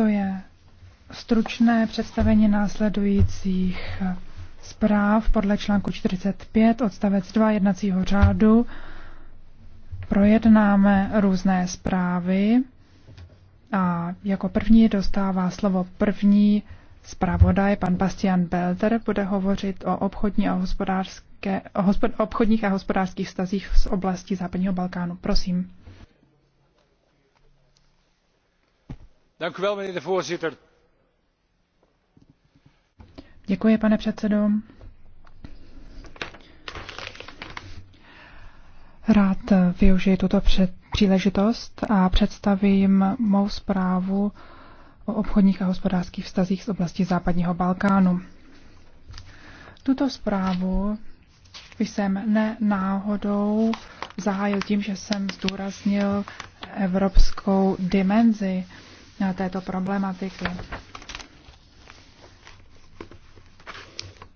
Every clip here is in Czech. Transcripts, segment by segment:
To je stručné představení následujících zpráv podle článku 45 odstavec 2 jednacího řádu. Projednáme různé zprávy a jako první dostává slovo první zpravodaj, pan Bastian Belter, bude hovořit o obchodní a hospodářské, o hospod, obchodních a hospodářských vztazích z oblasti západního Balkánu. Prosím. Děkuji, pane předsedo. Rád využiji tuto před, příležitost a představím mou zprávu o obchodních a hospodářských vztazích z oblasti západního Balkánu. Tuto zprávu jsem nenáhodou zahájil tím, že jsem zdůraznil evropskou dimenzi této problematiky.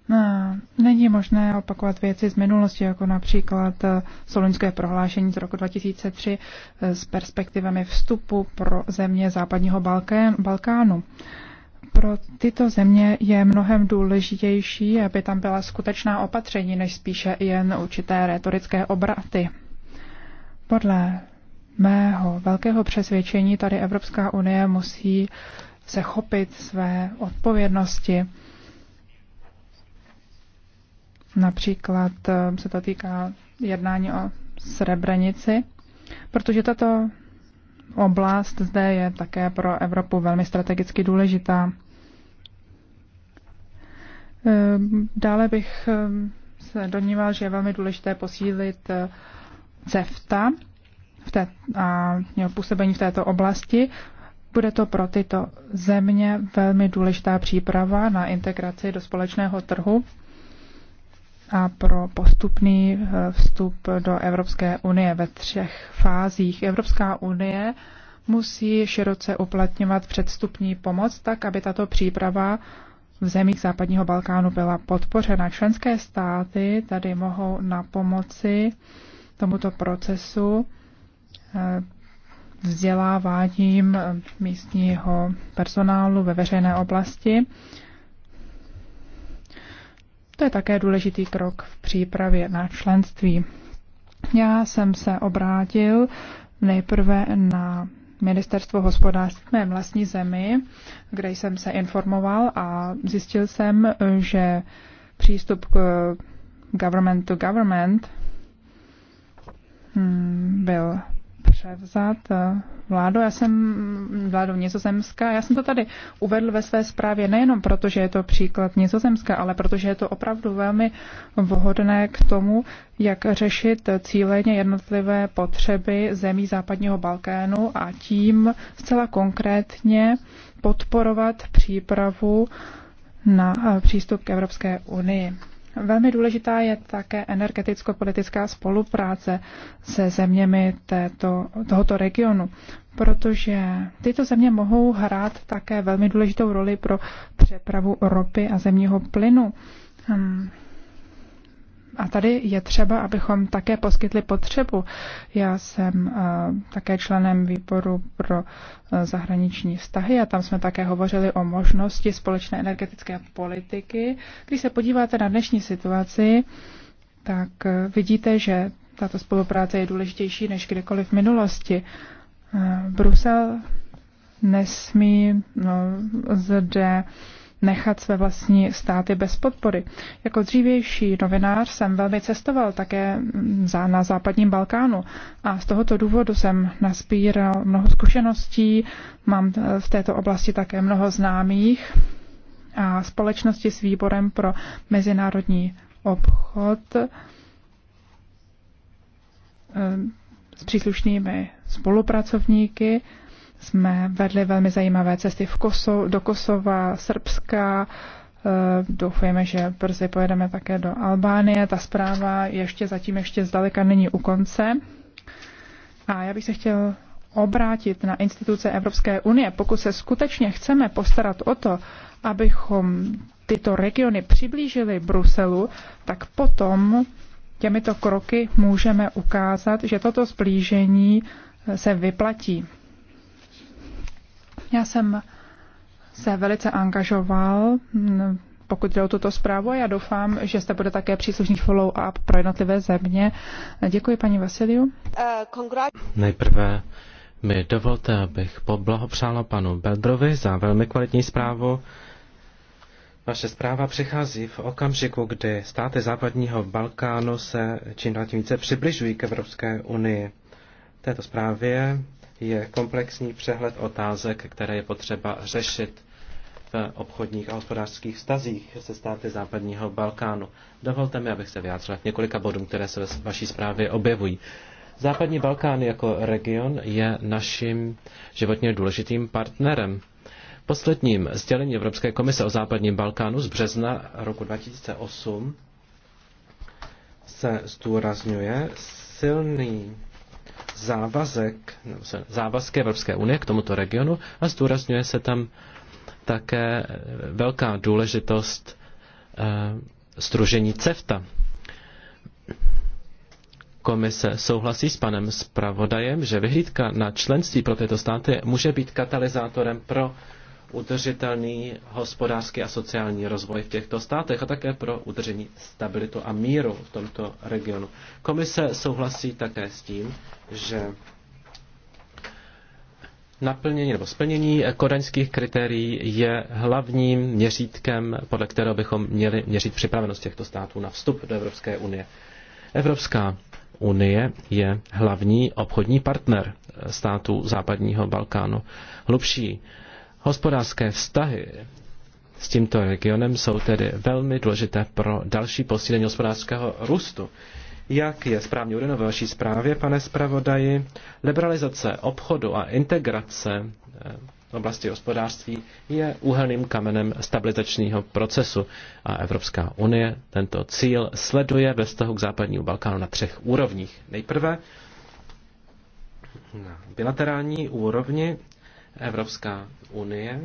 No, není možné opakovat věci z minulosti, jako například eh, Solinské prohlášení z roku 2003 eh, s perspektivami vstupu pro země západního Balkánu. Pro tyto země je mnohem důležitější, aby tam byla skutečná opatření, než spíše jen určité retorické obraty. Podle mého velkého přesvědčení tady Evropská unie musí se chopit své odpovědnosti. Například eh, se to týká jednání o Srebrenici, protože tato oblast zde je také pro Evropu velmi strategicky důležitá. Eh, dále bych eh, se domníval, že je velmi důležité posílit CEFTA, v té, a měl působení v této oblasti. Bude to pro tyto země velmi důležitá příprava na integraci do společného trhu a pro postupný eh, vstup do Evropské unie ve třech fázích. Evropská unie musí široce uplatňovat předstupní pomoc tak, aby tato příprava v zemích západního Balkánu byla podpořena. Členské státy tady mohou na pomoci tomuto procesu Eh, vzděláváním eh, místního personálu ve veřejné oblasti. To je také důležitý krok v přípravě na členství. Já jsem se obrátil nejprve na ministerstvo hospodářství v mé vlastní zemi, kde jsem se informoval a zjistil jsem, že přístup k government to government hm, byl převzat eh, vládu. Já jsem vládou Nizozemska. Já jsem to tady uvedl ve své zprávě nejenom proto, že je to příklad Nizozemska, ale protože je to opravdu velmi vhodné k tomu, jak řešit cíleně jednotlivé potřeby zemí západního Balkánu a tím zcela konkrétně podporovat přípravu na eh, přístup k Evropské unii. Velmi důležitá je také energeticko-politická spolupráce se zeměmi této, tohoto regionu, protože tyto země mohou hrát také velmi důležitou roli pro přepravu ropy a zemního plynu. Hmm. A tady je třeba, abychom také poskytli potřebu. Já jsem eh, také členem výboru pro eh, zahraniční vztahy a tam jsme také hovořili o možnosti společné energetické politiky. Když se podíváte na dnešní situaci, tak eh, vidíte, že tato spolupráce je důležitější než kdykoliv v minulosti. Brusel nesmí no, zde nechat své vlastní státy bez podpory. Jako dřívější novinář jsem velmi cestoval také mm, na západním Balkánu a z tohoto důvodu jsem nasbíral mnoho zkušeností, mám eh, v této oblasti také mnoho známých a společnosti s výborem pro mezinárodní obchod eh, s příslušnými spolupracovníky jsme vedli velmi zajímavé cesty v Kosovo, do Kosova, Srbska, eh, Doufujeme, že brzy pojedeme také do Albánie. Ta zpráva ještě zatím ještě zdaleka není u konce. A já bych se chtěl obrátit na instituce Evropské unie, pokud se skutečně chceme postarat o to, abychom tyto regiony přiblížili Bruselu, tak potom těmito kroky můžeme ukázat, že toto zblížení se vyplatí. Já jsem se velice angažoval, mm, pokud jde o tuto zprávu, a já doufám, že jste bude také příslušný follow-up pro jednotlivé země. Děkuji, paní Vasiliu. Nejprve mi dovolte, abych poblahopřála panu Beldrovi za velmi kvalitní zprávu. Vaše zpráva přichází v okamžiku, kdy státy západního Balkánu se čím dál tím více přibližují k Evropské unii. V této zprávě je komplexní přehled otázek, které je potřeba řešit v obchodních a hospodářských vztazích se státy západního Balkánu. Dovolte mi, abych se vyjádřil k několika bodům, které se ve vaší zprávě objevují. Západní Balkán jako region je naším životně důležitým partnerem. posledním sdělení Evropské komise o západním Balkánu z března roku 2008 se zdůrazňuje silný závazek, závazky Evropské unie k tomuto regionu a zdůrazňuje se tam také velká důležitost eh, stružení CEFTA. Komise souhlasí s panem zpravodajem, že vyhlídka na členství pro tyto státy může být katalyzátorem pro udržitelný hospodářský a sociální rozvoj v těchto státech a také pro udržení stabilitu a míru v tomto regionu. Komise souhlasí také s tím, že naplnění nebo splnění kodaňských kritérií je hlavním měřítkem, podle kterého bychom měli měřit připravenost těchto států na vstup do Evropské unie. Evropská unie je hlavní obchodní partner států západního Balkánu. Hlubší Hospodářské vztahy s tímto regionem jsou tedy velmi důležité pro další posílení hospodářského růstu. Jak je správně uvedeno ve vaší zprávě, pane zpravodaji, liberalizace obchodu a integrace eh, v oblasti hospodářství je úhelným kamenem stabilizačního procesu a Evropská unie tento cíl sleduje ve vztahu k západnímu Balkánu na třech úrovních. Nejprve na bilaterální úrovni Evropská unie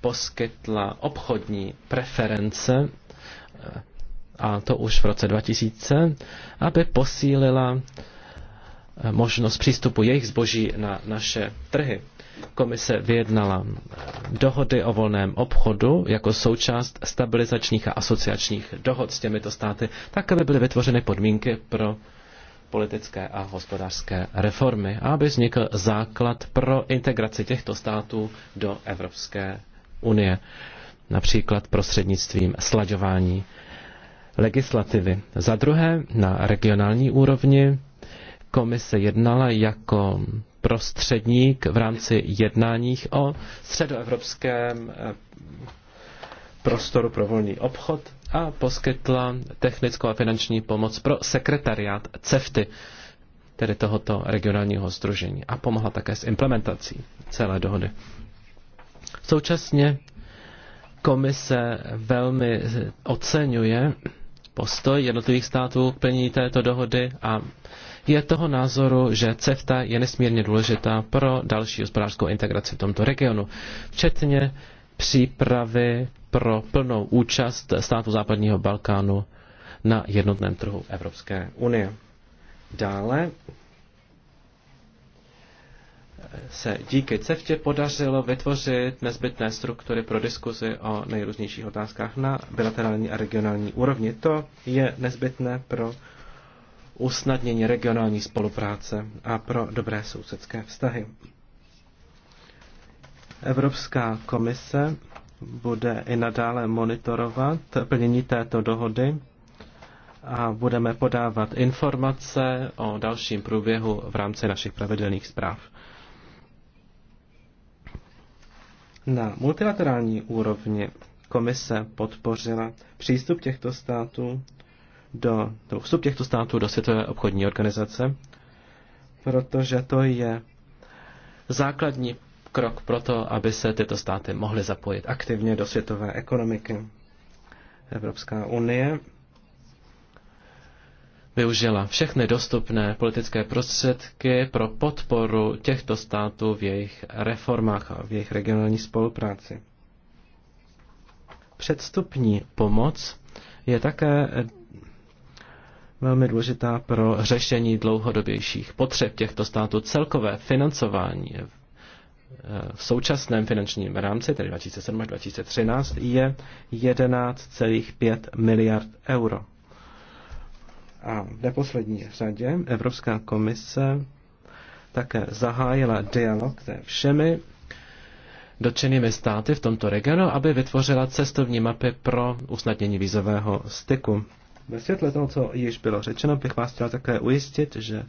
poskytla obchodní preference, eh, a to už v roce 2000, aby posílila eh, možnost přístupu jejich zboží na naše trhy. Komise vyjednala eh, dohody o volném obchodu jako součást stabilizačních a asociačních dohod s těmito státy, tak aby byly vytvořeny podmínky pro politické a hospodářské reformy, aby vznikl základ pro integraci těchto států do Evropské unie, například prostřednictvím slaďování legislativy. Za druhé, na regionální úrovni komise jednala jako prostředník v rámci jednáních o středoevropském eh, prostoru pro volný obchod a poskytla technickou a finanční pomoc pro sekretariát CEFTY, tedy tohoto regionálního združení, a pomohla také s implementací celé dohody. Současně komise velmi oceňuje postoj jednotlivých států k plnění této dohody a je toho názoru, že CEFTA je nesmírně důležitá pro další hospodářskou integraci v tomto regionu, včetně přípravy pro plnou účast států západního Balkánu na jednotném trhu Evropské unie. Dále se díky CEFTě podařilo vytvořit nezbytné struktury pro diskuzi o nejrůznějších otázkách na bilaterální a regionální úrovni. To je nezbytné pro usnadnění regionální spolupráce a pro dobré sousedské vztahy. Evropská komise bude i nadále monitorovat plnění této dohody a budeme podávat informace o dalším průběhu v rámci našich pravidelných zpráv. Na multilaterální úrovni komise podpořila přístup těchto států do, do vstup těchto států do Světové obchodní organizace, protože to je základní krok pro to, aby se tyto státy mohly zapojit aktivně do světové ekonomiky. Evropská unie využila všechny dostupné politické prostředky pro podporu těchto států v jejich reformách a v jejich regionální spolupráci. Předstupní pomoc je také velmi důležitá pro řešení dlouhodobějších potřeb těchto států. Celkové financování v současném finančním rámci, tedy 2007 až 2013, je 11,5 miliard euro. A v neposlední řadě Evropská komise také zahájila dialog se všemi dotčenými státy v tomto regionu, aby vytvořila cestovní mapy pro usnadnění vízového styku. Ve světle toho, co již bylo řečeno, bych vás chtěl také ujistit, že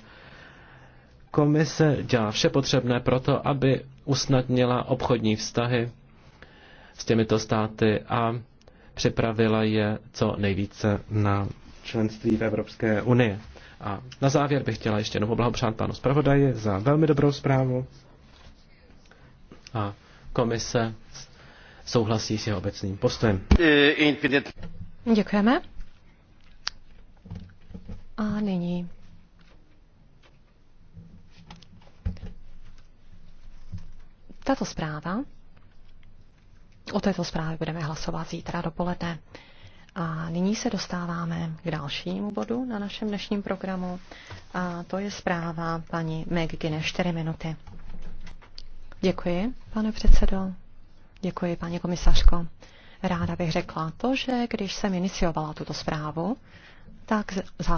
Komise dělá vše potřebné pro to, aby usnadnila obchodní vztahy s těmito státy a připravila je co nejvíce na členství v Evropské unii. A na závěr bych chtěla ještě jednou poblahopřát panu zpravodaji za velmi dobrou zprávu. A komise souhlasí s jeho obecným postojem. Děkujeme. A nyní Tato zpráva, o této zprávě budeme hlasovat zítra dopoledne. A nyní se dostáváme k dalšímu bodu na našem dnešním programu. A to je zpráva paní McGuinness 4 minuty. Děkuji, pane předsedo. Děkuji, paní komisařko. Ráda bych řekla to, že když jsem iniciovala tuto zprávu, tak za